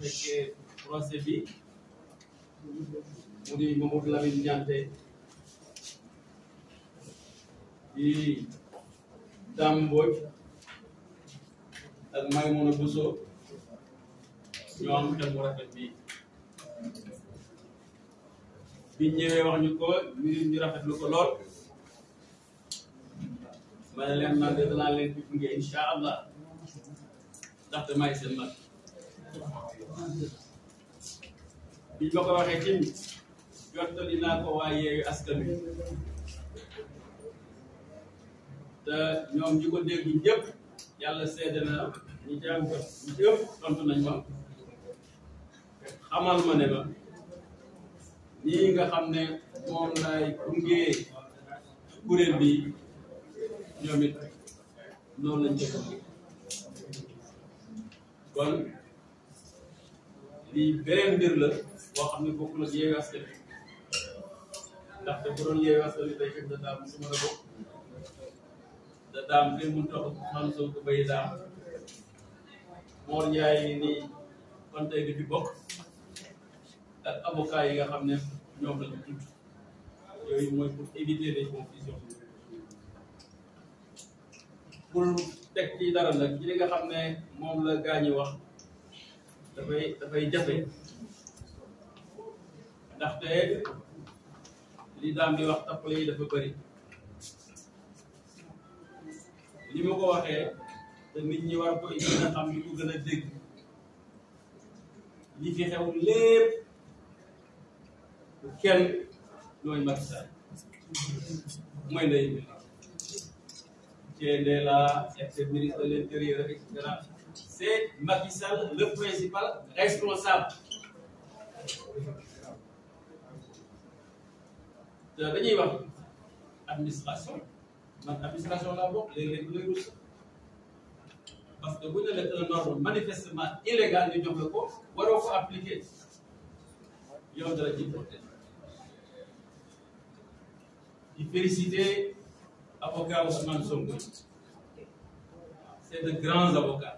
fekkee procès bi mu di Mamadou Lamine Nianté di Dame ak Maïmouna Bousso ñoo am xel bu rafet bi biñ ñëwee wax ñu ko ñu ñu rafetlu ko lool ma ne leen man de danaa leen fi gunge incha allah ndaxte maay seen mag biñ ma ko waxee tim jottali naa ko waa Yewwi Askan Wi te ñoom ñi ko dégg ñëpp yàlla seede na ñu jàng ko tontu nañ ma xamal ma ne ma nii nga xam ne moom laay gunge kuréel bi ñoom noonu lañ kon lii beneen mbir la boo xam ne bokkul ak Yewwi Askan Wi ndaxte bu doon Yewwi Askan Wi day a bokk da daam fi mun toog Ousmane Sonko bay daam Mor Ndiaye nii kon tey du bokk ak avocat yi nga xam ne ñoom la ñu tudd yooyu mooy pour éviter les pour teg ci dara nag ci li nga xam ne moom la gaañi wax dafay dafay jafe ndaxte li daam di wax tappale yi dafa bëri li ma ko waxee te nit ñi war ko gën a xam li ko gën a dégg li fi xew lépp kenn mooy Macky Sall mooy ndey mi cee ndee la ministre de l'intérieur et cetera c'est Macky le principal responsable. de la administration l'administration administration là-bas. les parce que vous avez un ordre manifestement illégal du vous de ko Il ko appliquer a de la difficulté. Il félicite avocat Ousmane Zongou. c'est de grands avocats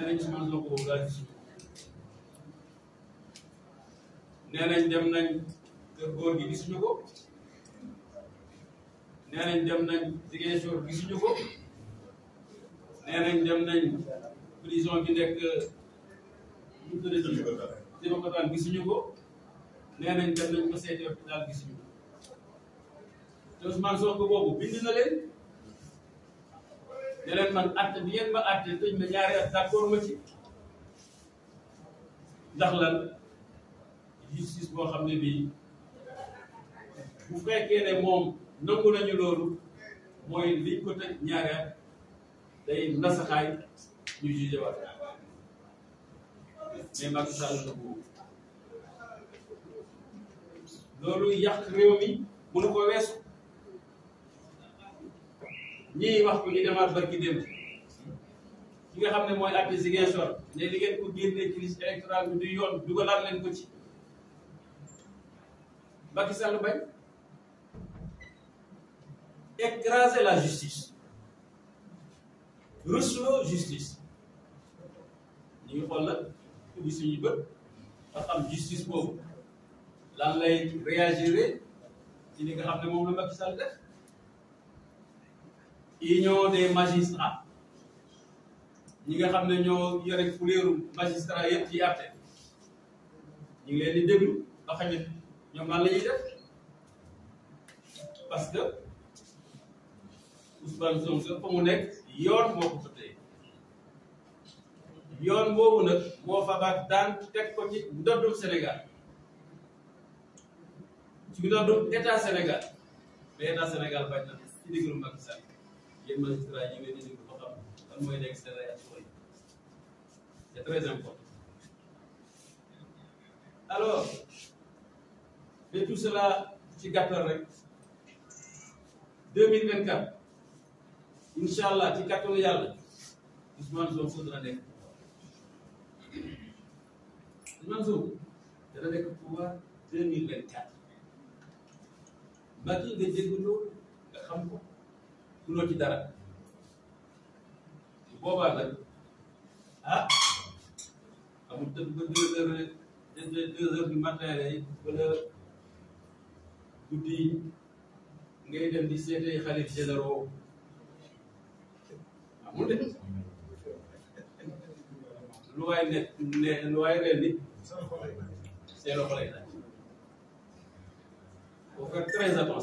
nee si man la ko laaj nee nañ dem nañ kër góor gi ko nee nañ dem nañ Ziguinchor gisuñu ko nee dem nañ prison bi nekk ñu tuddee si ma ko daan gisuñu ko nee dem nañ ko seeti hôpital gisuñu ko te Ousmane Sonko boobu bind na leen ne leen man àtte bi ngeen ma àtte tëj ma ñaari at ma ci ndax lan justice boo xam ne bii bu fekkee ne moom nangu nañu loolu mooy liñ ko tëj ñaari at day nasaxaay ñu jugé waat mais Macky Sall na boobu loolu yàq réew mi mënu ko weesu ñii wax ko ñu demaat ba ki dem ki nga xam ne mooy àtte sor ne li ngeen ko génnee ci liste électorale bi du yoon dugalaat leen ko ci Macky Sall bañ écraser la justice receloo justice ñu ngi xool nag ubbi suñu bët ba xam justice boobu lan lay réagiré ci li nga xam ne moom la Macky Sall def union des magistrats ñi nga xam ñoo magistrat yëpp ci àtte ñu ngi leen di déglu ba xamit ñoom la ñuy def parce que Ousmane Sonko fa mu nekk yoon moo fa tey yoon boobu nag moo fa baat daan teg ko ci Sénégal ci état Sénégal mais état Sénégal bañ na ci Macky Sall yéen magistrats yi ngeen di déglu ba xam mooy nekk seen réaction yi c'est très important alors de tout ci gàttal rek 2024 incha allah ci kàttanu yàlla Ousmane Sonko dana nekk Ousmane Sonko dana nekk pouvoir 2024 Macky nga dégg loolu nga xam ko. mënoo ci dara bu boobaa nag ah amul tëdd deux heures deux heures du matin lay wala guddi ngay dem di seetee xalif généraux amul de lu waay ne lu waay reen nit seen loxo lay daal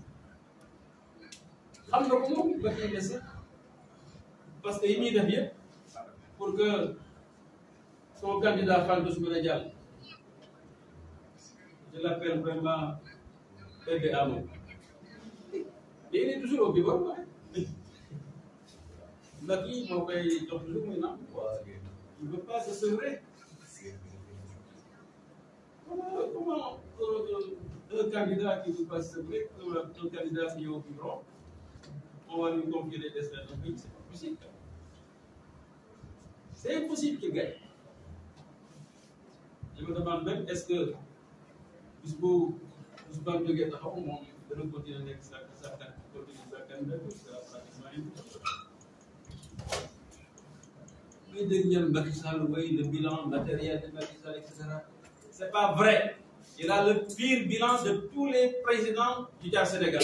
xam na ko moom ba kii des parce que yi muy def yëpp pour que son candidat Fantos mën a jàll je l'appelle vraiment aidé à moom mais il est toujours au biberon quoi nag yi moo koy jox lu muy naan il ne veut pas se sevrer comment euh, euh, un candidat qui ne veut pas se sevrer un candidat qui est au bureau on va lui confier les destins c'est pas possible. C'est impossible qu'il gagne. Je me demande même, est-ce que nous de à au de l'autre c'est Mais le bilan matériel de C'est pas vrai. Il a le pire bilan de tous les présidents du Sénégal.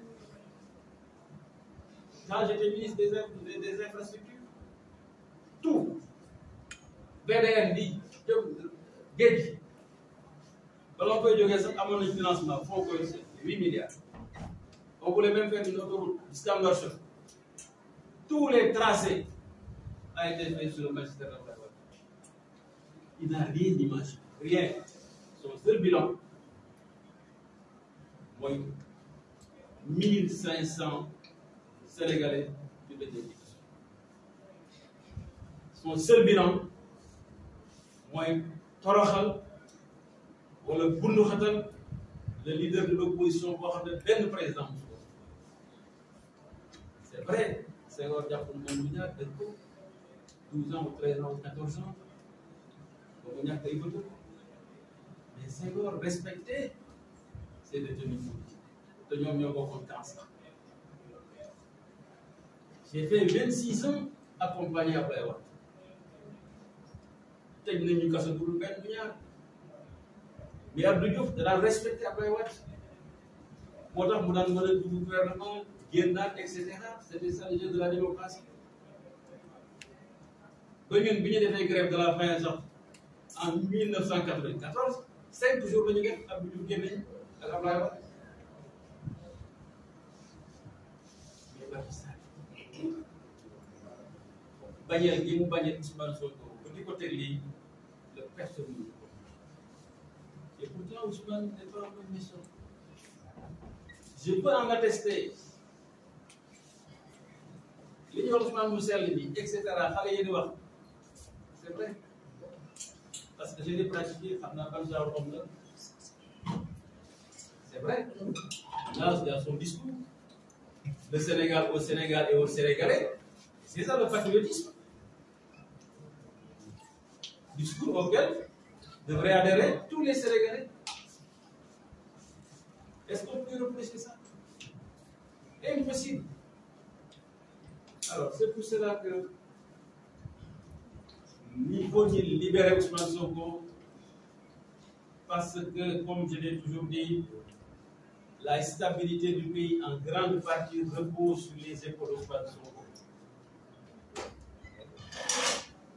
j'étais ministre des, infrastructures, tout, VDRD dit, Quand on peut nga koy jógee un financement que milliards. on voulait même faire une autoroute jusqu'à Tous les tracés ont été fait sur le magistère de Il n'a rien d'image, rien. Son seul bilan, moi, 1500 sénégalais du Son seul bilan, c'est que le leader de le leader de l'opposition, le président. C'est vrai, c'est vrai, c'est vrai, c'est 12 ans, 13 ans, 14 ans, c'est mais c'est encore respecter, c'est de tenir compte. j'ai fait 26 ans accompagné Ablaye Wade tëj nañu kaso dul benn ñaar mais Abdou Diouf da respecté Ablaye Wade moo mu daan mën a gouvernement génnaat et cetera c' était ça le jeu de la démocratie ba ñun bi ñu grève de la faim sax en 1994 cinq jours la ñu la Abdou Diouf génne ak bañal gi mu bañal Ousmane Sonko ba di ko teg lii la personne ne le et pourtant Ousmane n'est pas un méchant je peux en attester li ñuy wax Ousmane mu sell bi et cetera xale yi di wax c'est vrai parce que je l'ai pratiques xam naa ban genre homme la c'est vrai là dans son discours le Sénégal au Sénégal et au Sénégalais c'est ça le patriotisme discours auquel devraient adhérer tous les Sénégalais. Est-ce qu'on peut reprocher ça Impossible. Alors, c'est pour cela que il faut il libérer Ousmane Sonko parce que, comme je l'ai toujours dit, la stabilité du pays en grande partie repose sur les épaules de Soko.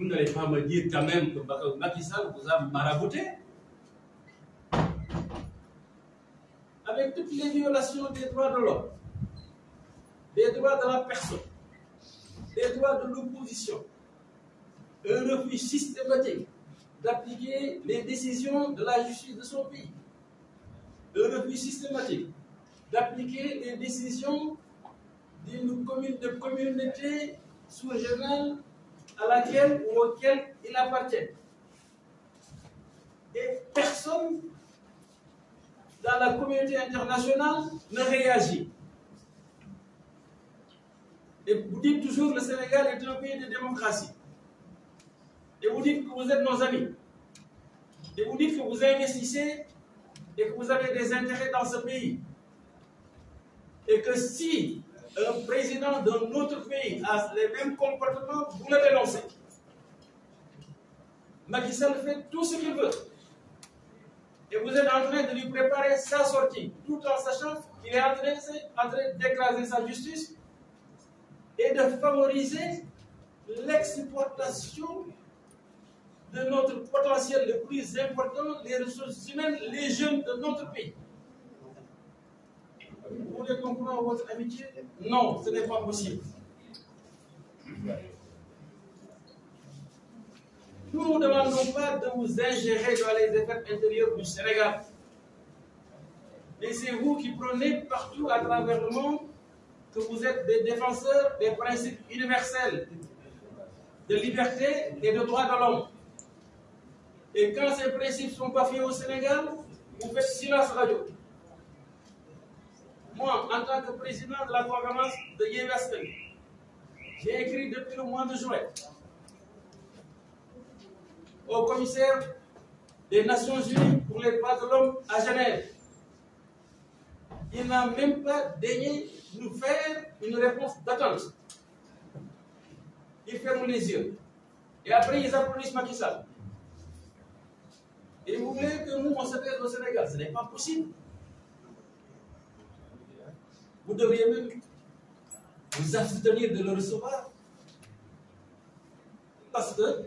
vous n'allez pas me dire quand même que Macky vous a marabouté avec toutes les violations des droits de l'homme, des droits de la personne, des droits de l'opposition, un refus systématique d'appliquer les décisions de la justice de son pays, un refus systématique d'appliquer les décisions d'une communauté sous-régionale à laquelle ou auquel il appartient. Et personne dans la communauté internationale ne réagit. Et vous dites toujours que le Sénégal est un pays de démocratie. Et vous dites que vous êtes nos amis. Et vous dites que vous investissez et que vous avez des intérêts dans ce pays. Et que si un président d'un autre pays a les mêmes comportements, vous le dénoncez. Macky Sall fait tout ce qu'il veut. Et vous êtes en train de lui préparer sa sortie, tout en sachant qu'il est en train d'écraser sa justice et de favoriser l'exportation de notre potentiel le plus important, les ressources humaines, les jeunes de notre pays voulez votre amitié Non, ce n'est pas possible. Nous ne demandons pas de vous ingérer dans les effets intérieurs du Sénégal. Et c'est vous qui prenez partout à travers le monde que vous êtes des défenseurs des principes universels de liberté et de droit de l'homme. Et quand ces principes sont pas faits au Sénégal, vous faites silence radio moi, en tant que président de la gouvernance de Yévestel, j'ai écrit depuis le mois de juin au commissaire des Nations Unies pour les droits de l'homme à Genève. Il n'a même pas daigné nous faire une réponse d'attente. Il ferme les yeux. Et après, ils applaudissent Macky Et vous voulez que nous, on au Sénégal. Ce n'est pas possible. Vous devriez même vous abstenir de le recevoir. Parce que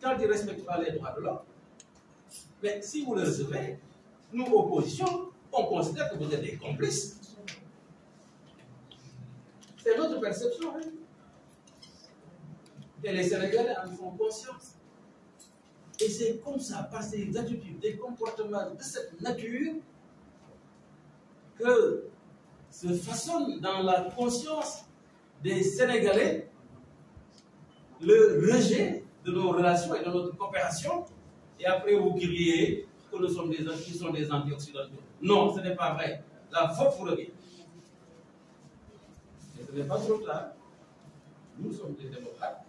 quand il ne respecte pas les droits de l'homme, mais si vous le recevez, nous, opposition, on considère que vous êtes des complices. C'est notre perception. Hein. Et les Sénégalais en font conscience. Et c'est comme ça, par ces attitudes, des comportements de cette nature, que se façonne dans la conscience des Sénégalais le rejet de nos relations et de notre coopération. Et après, vous criez que nous sommes des, qui sont des anti-occidentaux. Non, ce n'est pas vrai. La faute vous revient. Et ce n'est pas trop là. Nous sommes des démocrates.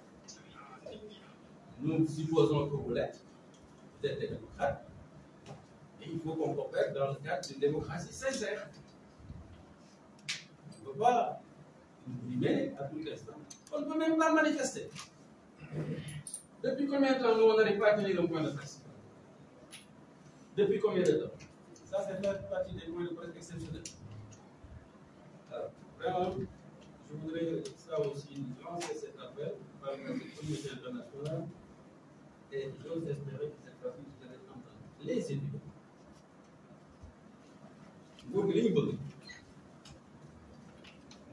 Nous supposons que vous l'êtes. Vous êtes des démocrates. Et il faut qu'on coopère dans le cadre d'une démocratie sincère. On ne peut pas brimer à tout instant. Hein. On ne peut même pas manifester. Depuis combien de temps nous, on pas à le point de presse Depuis combien de temps Ça c'est la partie des points de presse exceptionnels. Alors, vraiment, je voudrais ça aussi lancer cet appel par la communauté internationale et j'ose espérer que cette partie vous allez entendre. Les étudiants. Vous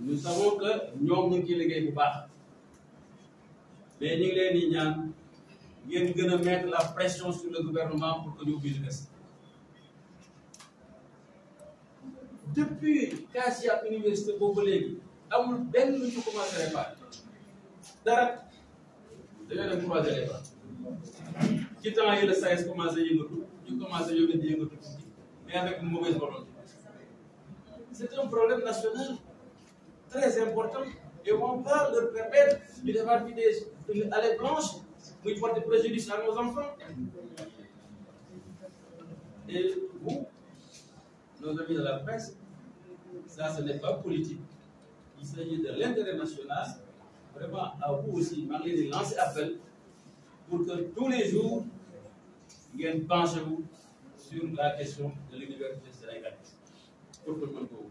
nous savons que nous sommes les gens qui Mais nous les gens, nous devons mettre la pression sur le gouvernement pour que nous puissions rester. Depuis qu'Asia Université de Bobolé, nous avons dit que nous avons commencé à faire. D'ailleurs, nous avons commencé à faire. Quitte à l'île de Saïs, nous avons commencé à faire. Nous avons commencé à faire. Mais avec une mauvaise volonté. C'est un problème national très important. et on peut leur permettre de devoir une allée blanche qui des préjudice à nos enfants. Et vous, nos amis de la presse, ça ce n'est pas politique. Il s'agit de l'intérêt national. Vraiment, à vous aussi, de lancer l'appel pour que tous les jours, vous à vous sur la question de l'université sénégalaise. Pour tout le monde, vous.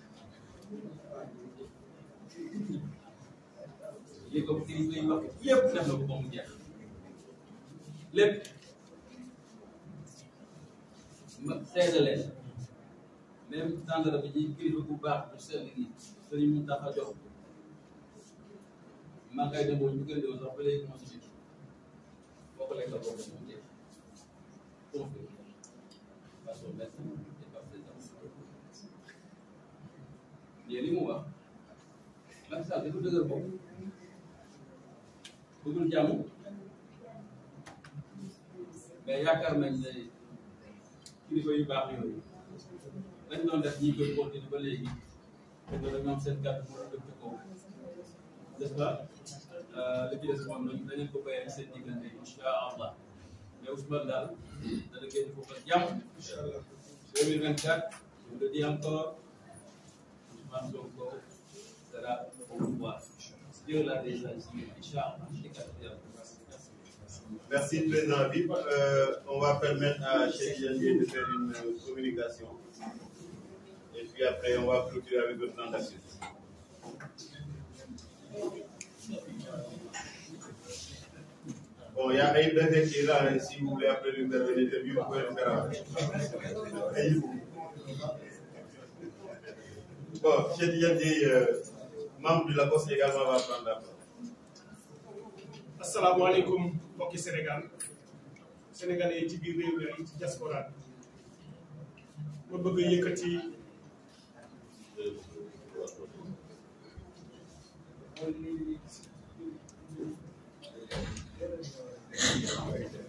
li ko kilifa yi wax lépp def na ko ba mu jeex ma seede leen même sàngara bi ci kilifa bu baax bu sell gi sëriñ mu tax a jox maa ngi koy dem boobu ñu ko lekk la bokk mu yéen li mu wax Macky Sall dafa dëgër bopp bëggul jàmm mais yaakaar nañ ne kilifa yu baax yooyu dañ noon def ñi koy continuer ba léegi te loolu ñoom seen kàddu mu dëkk ci kaw n'est-ce pas li ci des moom nañ dañu ko bàyyi seen diggante incha allah mais Ousmane daal dana génn foofu ak jàmm Masoko sera au pouvoir. Dieu l'a déjà dit, Richard, Merci, Président euh, on va permettre à Cheikh Janvier de faire une euh, communication. Et puis après, on va clôturer avec le plan Bon, il y a Aïb Bébé qui est là. Hein, si vous voulez après lui faire une interview, vous pouvez le faire. Bon, j'ai déjà dit, euh, membres de la Poste également va prendre la parole. Assalamu alaikum, mbokki Sénégal. Sénégalais yi ci biir réew mi diaspora bi. ma bëgg a yëkkati. Thank euh, you.